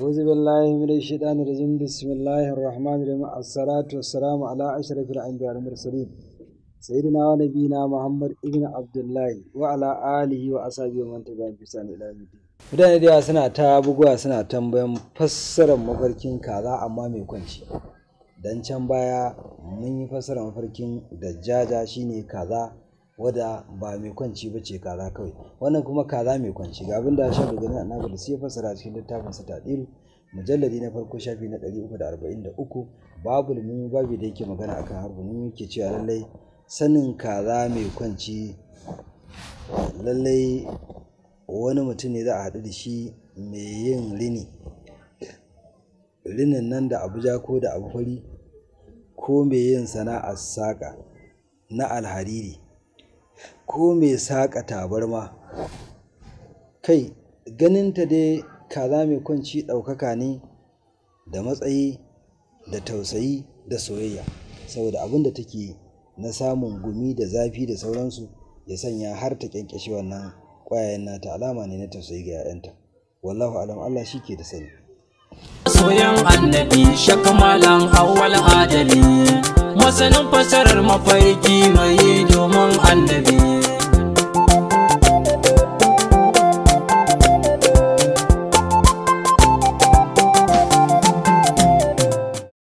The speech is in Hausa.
أعوذ بالله من الشيطان الرجيم بسم الله الرحمن الرحيم الصلاة والسلام على أشرف الأنبياء والمرسلين سيدنا ونبينا محمد ابن عبد الله وعلى آله وأصحابه ومن تبعهم بإحسان إلى يوم الدين mutane da suna ta buguwa suna tambayan fassarar mafarkin kaza amma mai kwanci dan can baya mun yi fassarar mafarkin dajjaja shine kaza wadda ba mai kwanci ba ce kaza kawai wannan kuma kaza mai kwanci ga abin da shafi gani a da sai fassara cikin littafin sa tadiru mujalladi na farko shafi na 343 babu ilimi babu da yake magana akan harbu ne yake cewa lallai sanin kaza mai kwanci lallai wani mutum ne za a haɗu da shi mai yin rini rinin nan da abuja ko da abu fari ko mai yin sana'ar saƙa na alhariri ko mai saƙa tabarma kai ganinta dai kaza mai kwanci ɗaukaka ne da matsayi da tausayi da soyayya saboda abin da take yi na samun gumi da zafi da sauransu ya sanya har ta kyankyashe wannan ƙwayayen nata alama ne na tausayi ga 'ya'yanta wallahu alam Allah shi ke da sani soyan annabi shakamalan awwal adali masanin fasarar mafarki mai domin annabi